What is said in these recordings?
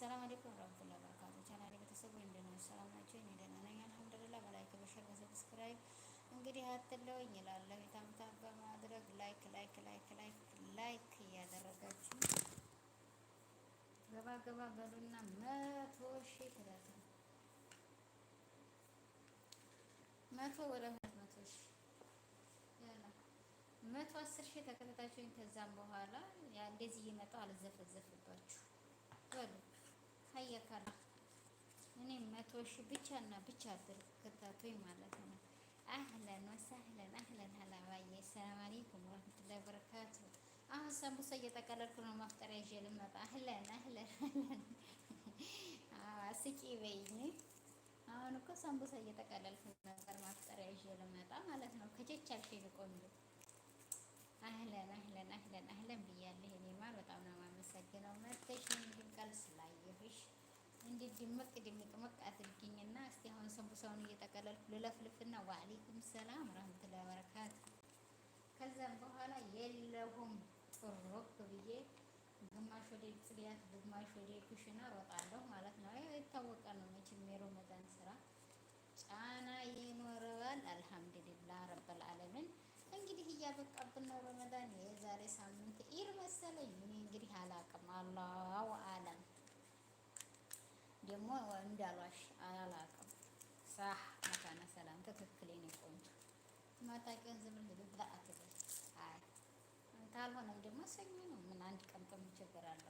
ሰላም አለይኩም ወራህመቱላሂ ወበረካቱ። ቻናሌ ቤተሰብ ወይ እንደና ሰላም ናቸው። እኔ ደህና ነኝ አልሐምዱሊላህ። በላይክ በሸር በሰብስክራይብ እንግዲህ አትለውኝ እላለሁ። የታምታ በማድረግ ላይክ ላይክ ላይክ ላይክ ላይክ እያደረጋችሁ ገባ ገባ በሉና መቶ ሺህ ክረቱ መቶ ወደ መቶ ሺህ መቶ አስር ሺህ ተከታታችሁኝ። ከዛም በኋላ ያ እንደዚህ እየመጣሁ አልዘፈዘፍባችሁ በሉ ሀየካላ እኔ መቶ ሺህ ብቻ እና ብቻ አድርገታቶኝ ማለት ነው። አህለን ወሰህለን አህለን ሀላባዬ ሰላም አለይኩም ወረህመቱላሂ ወበረካቱ። አሁን ሰንቡሳ እየጠቀለልኩ ነው። ማፍጠሪያ ይዤ ልመጣ። አህለን አህለን አህለን አስቂ በይኝ። አሁን እኮ ሰንቡሳ እየጠቀለልኩ ነበር። ማፍጠሪያ ይዤ ልመጣ ማለት ነው። ከቸች አልሽኝ ቆንጆ። አህለን አህለን አህለን አህለን ብያለሁ። እኔ ማር በጣም ነው የማመሰግነው። መተሽ ነው እንግዲህ ቀልስ ላየሁሽ እንደ ድምቅ ድምቅምቅ አድርጊኝና እስቲ አሁን ሰንቡሳውን እየጠቀለልኩ ልለፍልፍና ወአለይኩም ሰላም ረህመቱላሂ በረካቱ። ከዛም በኋላ የለሁም ጥሩክ ብዬ ግማሽ ወደ ጽዳት፣ ግማሽ ወደ ኩሽና ሮጣለሁ ማለት ነው። የታወቀ ነው መቼም የረመዳን ስራ ጫና ይኖረዋል። አልሐምዱሊላህ ረብል ዓለሚን እንግዲህ እያበቃብን ነው ረመዳን። የዛሬ ሳምንት ኢር መሰለኝ እኔ እንግዲህ አላቅም አላሁ አለም ደግሞ እንዳሏሽ አላውቅም። ሳህ መካነ ሰላም ትክክል ነው። ቆንጆ ማታውቂውን ዝም ብለህ አትበል። አይ ታልሆነም ደግሞ ሰኞ ነው። ምን አንድ ቀን ቀን ችግር አዎ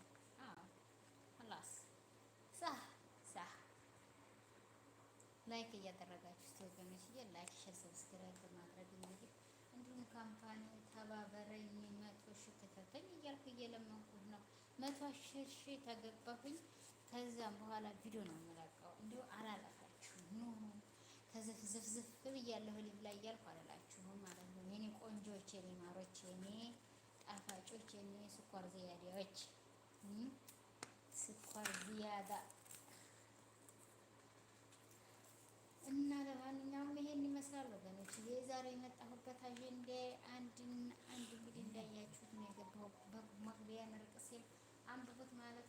ላስ ሳህ ሳህ ላይክ እያደረጋችሁ ተወገኖችዬ፣ ላይክ ሸር፣ ሰብስክራይብ በማድረግ እንግዲህ እንዲሁም ካምፓኒ ተባበረኝ መቶ ሺህ ክተተኝ እያልኩ እየለመንኩ ነው። መቶ ሺህ ተገባሁኝ ከዛም በኋላ ቪዲዮ ነው የምለቀው። እንዲሁ አላለፋችሁም ኑ ተዘፍዘፍዘፍ ብያለሁ ሊብ ላይ እያልኩ አላላችሁም ማለት ነው። የኔ ቆንጆች፣ የኔ ማሮች፣ የኔ ጣፋጮች፣ የኔ ስኳር ዝያዳዎች ስኳር ዝያዳ እና ለማንኛውም ይሄን ይመስላል ወገኖች። የዛሬ የመጣሁበት አጀንዳ አንድና አንድ እንግዲህ እንዳያችሁት ነው የገባሁት መግቢያ ርቅ ሲል አንብቡት ማለት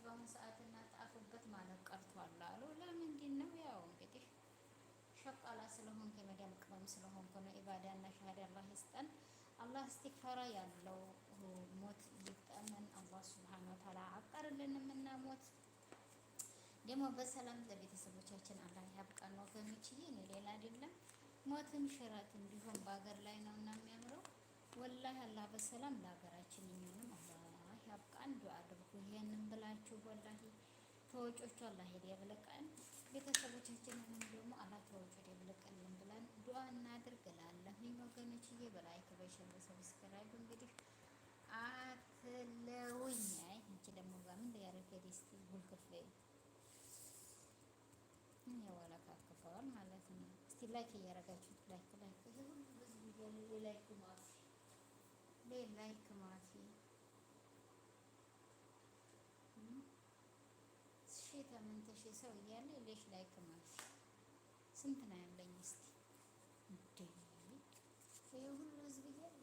ሸቃላ ስለሆን የመዳም ቅመም ስለሆንኩ ነው። ኢባዳ እና ሻሃዳ አላህ ይስጠን። አላህ እስቲክፈራ ያለው ሞት ይጠመን። አላህ ስብሓን ወተዓላ አብቀርልን ሞት ደግሞ በሰላም ለቤተሰቦቻችን አላህ ያብቃን። ወገኖችዬ እኔ ሌላ አይደለም ሞትም ሽረትም ቢሆን በሀገር ላይ ነው እና የሚያምረው ወላሂ አላህ በሰላም ለሀገራችን የሚሆንም አላህ ያብቃን። ዱዓ አድርጉ ይሄንን ብላችሁ ወላሂ ተወጮቹ አላህ ሄድ ያብለቃን። ቤተሰቦቻችንንም ደግሞ አላትሮች ወደ ብለቀልን ብለን በላይክ በሸር በሰብስክራይብ እንግዲህ አትለውኝ። አይ አንቺ ደግሞ በምን ማለት ነው። እስቲ ላይክ እያረጋችሁት ላይክ ላይክ ላይክ ላይክ ማለት ስምንት ሺህ ሰው እያለ ሌሽ ላይክ ማለት ስንት ነው ያለኝ? እስቲ እንደ ሁሉ ህዝብ እያለ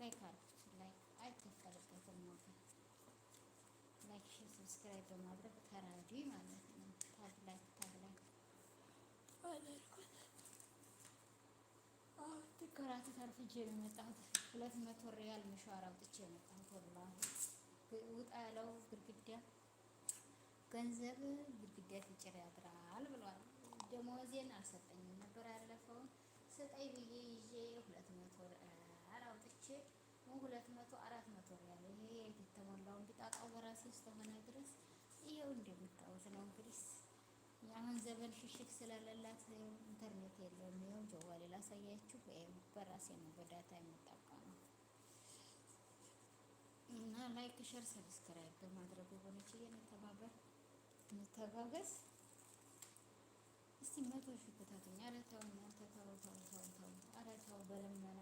ላይክ አድርጉት። ላይክ አይከፈልበትም ወገን። ላይክ ሼር፣ ሰብስክራይብ በማድረግ ተራዲ ማለት ነው። ላይክ ላይክ የመጣሁት ሁለት መቶ ሪያል ምሻር አውጥቼ የመጣሁት ወላሂ ውጣ ያለው ግድግዳ ገንዘብ ግድግዳ ፍጭር ያድራል ብሏል። ደሞዜን አልሰጠኝም ነበር ያለፈውን ስጠኝ ብዬ ይዤ ሁለት መቶ ሪያል አውጥቼ ሁለት መቶ አራት መቶ ሪያል ይሄ የተሞላውን ቢጣጣው በራሴ እስከሆነ ድረስ ይኸው እንደምታወት ነው እንግዲህ አሁን ዘመን ሽሽክ ስለሌላት ኢንተርኔት የለውም። ይኸው ጀዋሌ ላሳያችሁ። በራሴ ነው በዳታ የምጠቀመው እና ላይክ፣ ሸር፣ ሰብስክራይብ በማድረግ የሆነች እየተባበር እንተጋገዝ። እስቲ መቶ ሺህ ክታቱኝ። ኧረ ተው እናንተ ተው ተው ተው ተው። ኧረ ተው በልመና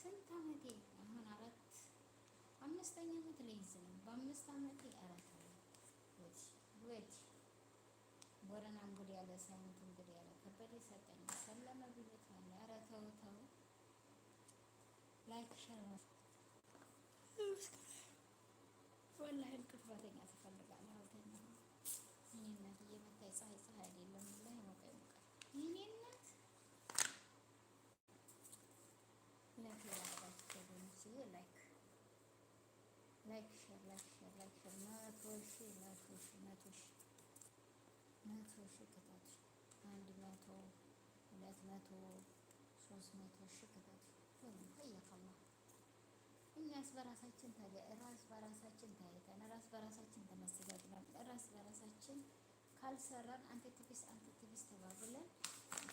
ስንት ዓመቴ አሁን አራት አምስተኛ ዓመት ልይዝ ነው። በአምስት ዓመቴ ኧረ ተው ወዲ ወዲ ቦረና እንግዲህ ያለ ሳይንት እንግዲህ ያለ ከበደ ሰጠኝ ሰለመ ቢሉት አለ። ኧረ ተው ተው ላይክ ሸር ወላሂ እንቅልፍ በተኛ መቶ ሺህ መቶ ሺህ መቶ ሺህ መቶ ሺህ ክታች አንድ መቶ ሁለት መቶ ሶስት መቶ ሺህ ክታች ወይም ከየከማ እኛስ በራሳችን ታዲያ ራስ በራሳችን ታይተን ራስ በራሳችን ተመሰጋግናል። ራስ በራሳችን ካልሰራን አንቲቲቪስ አንቲቲቪስ ተባብለን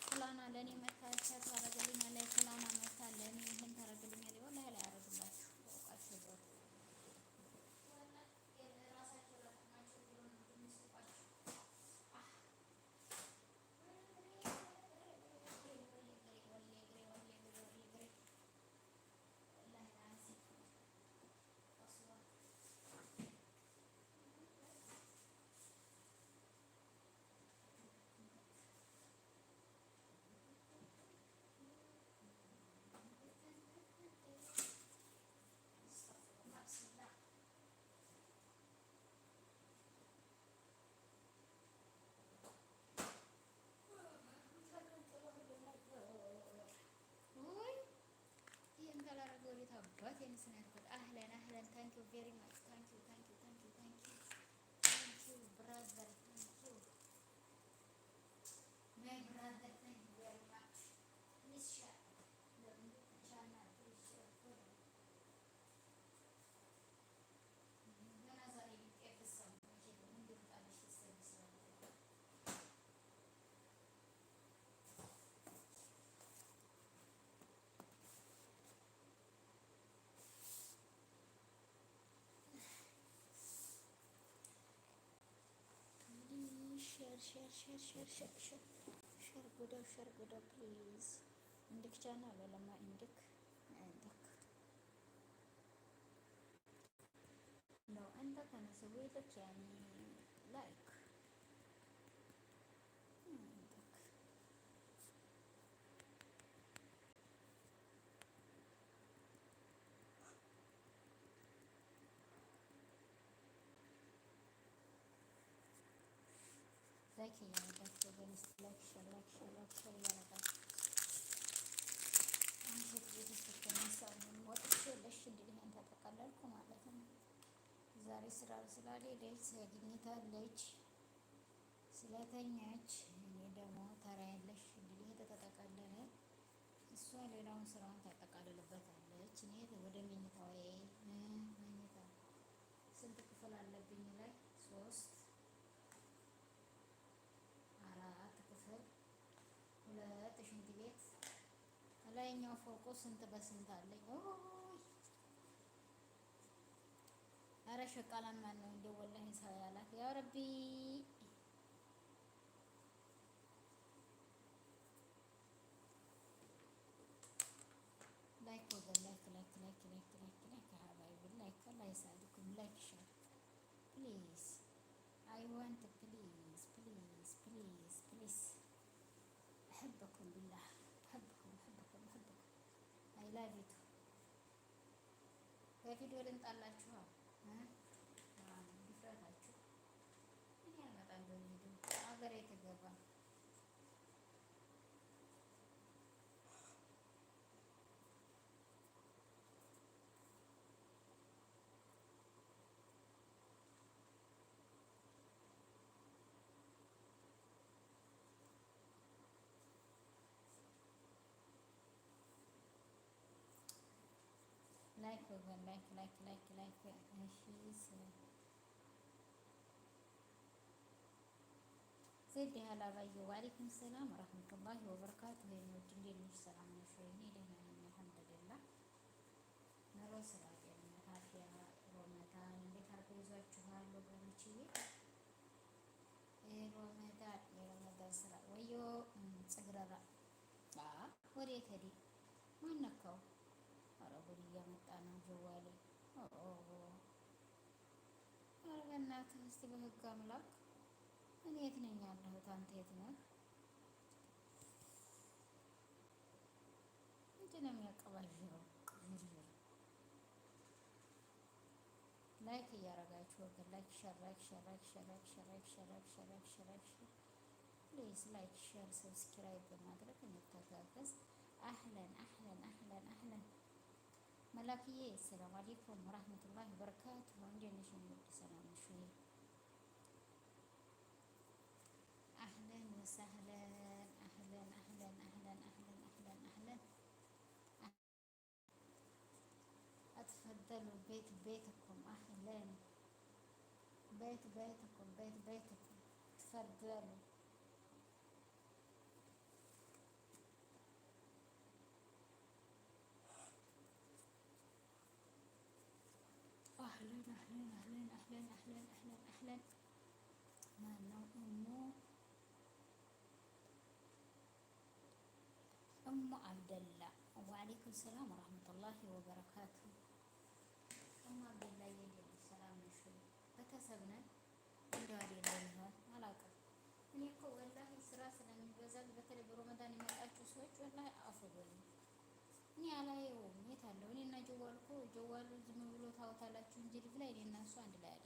ፍላና ለእኔ መታ ሸር ታረግልኛለች፣ ፍላና መታ ለእኔ ይህን ታረግልኛለች። ወላሂ ላይ Ahlan, ahlan. Thank you very much. Thank you, thank you, thank you, thank you. Thank you, brother. share, share, share, share, share, share. Share gudo, share gudo, please. እንድክ ቻናል ለማ indik indik no እንደ ከነሰው ይልክ ያኔ ላይክ እያረጋችሁ በሚስት ላይክ ሸር ላይክ ሸር ላይክ ሸር ቤተሰብ ወጥቼ ተጠቀለልኩ ማለት ነው። ዛሬ ስራ ስለተኛች፣ እኔ ደግሞ ተራ ያለሽ ተጠቀለለ። እሷ ሌላውን ስራውን ታጠቃልልበታለች። እኔ ወደ መኝታ ስንት ክፍል አለ ላይኛው ፎቁ ስንት በስንት አለኝ? አረ ሸቃላን ማን ነው እንደ ወላሂ ሰው ያላት? ያ ረቢ ላይክ ወገን ላይክ ላይክ ላይክ ላይክ ላይክ ላይክ ሀባይቢ ላይክ አላህ ይሳድኩም ላይክ ሸር ፕሊዝ አይ ዋንት ፕሊዝ ፕሊዝ ፕሊዝ ፕሊዝ አሕበኩም ቢላህ ለፊቱ በቪዲዮ ልምጣላችኋል። ላይክ ላይክ ላይክ ላይክ ላይክ እሺ። ዜድ ያህል አባዬው ዋሌኩም ሰላም ወረህመቱላሂ ወበረካቱ። ወይኖች እንዴት ነሽ? ሰላም ነሽ ወይ? እኔ ደህና ነኝ አልሐምዱሊላህ። ኑሮ ስራ፣ ጤንነት፣ አፍያ፣ ሮመዳን እንዴት አድርጎ ይዟችኋል ወገኖችዬ? ሮመዳን የሮመዳን ስራ ወዮ ጽግረራ ወዴት ሄደ? ማነካው? ኧረ ጉድ እያመጣ ጀዋሌ ኧረ በእናትህ እስቲ በህግ አምላክ እኔ የት ነኝ ያለሁት? አንተ የት ነህ? ምንድን ነው የሚያቀባዥረው? ላይክ ወገን ላይክ ሸር ላይክ ሸር ላይክ ሸር ላይክ ሸር ላይክ ሸር ላይክ ሸር ላይክ ሸር ላይክ ፕሊዝ ላይክ ሸር ሰብስክራይብ በማድረግ እንተጋገዝ። አህለን አህለን አህለን አህለን መላክዬ ሰላም አሌይኩም ወራህመቱላሂ ወበረካቱ። እንዴት ነሽ? ወደ ሰላም ነሽ ወይ? አህለን ወሰህለን አህለን አህለን አህለን አህለን አህለን አህለን اتفضلوا بيت بيتكم اهلا بيت بيتكم بيت بيتكم تفضلوا أهلا أحلام أحلام أحلام أحلام ما نوع أم عبد الله وعليكم السلام ورحمة الله وبركاته أم عبد الله يلي السلام شوي በተሰብነን እንደዋል የለም ይሆን እኔ እኮ ወላሂ ስራ ስለሚበዛ በተለይ በረመዳን የመጣችሁ ሰዎች ወላሂ አፍሩልኝ። እኔ አላየውም። የት አለው? እኔ እና ጀዋል እኮ ጀዋል ዝም ብሎ ታወታላችሁ እንጂ ልብ ላይ እኔ እና እሱ አንድ ላይ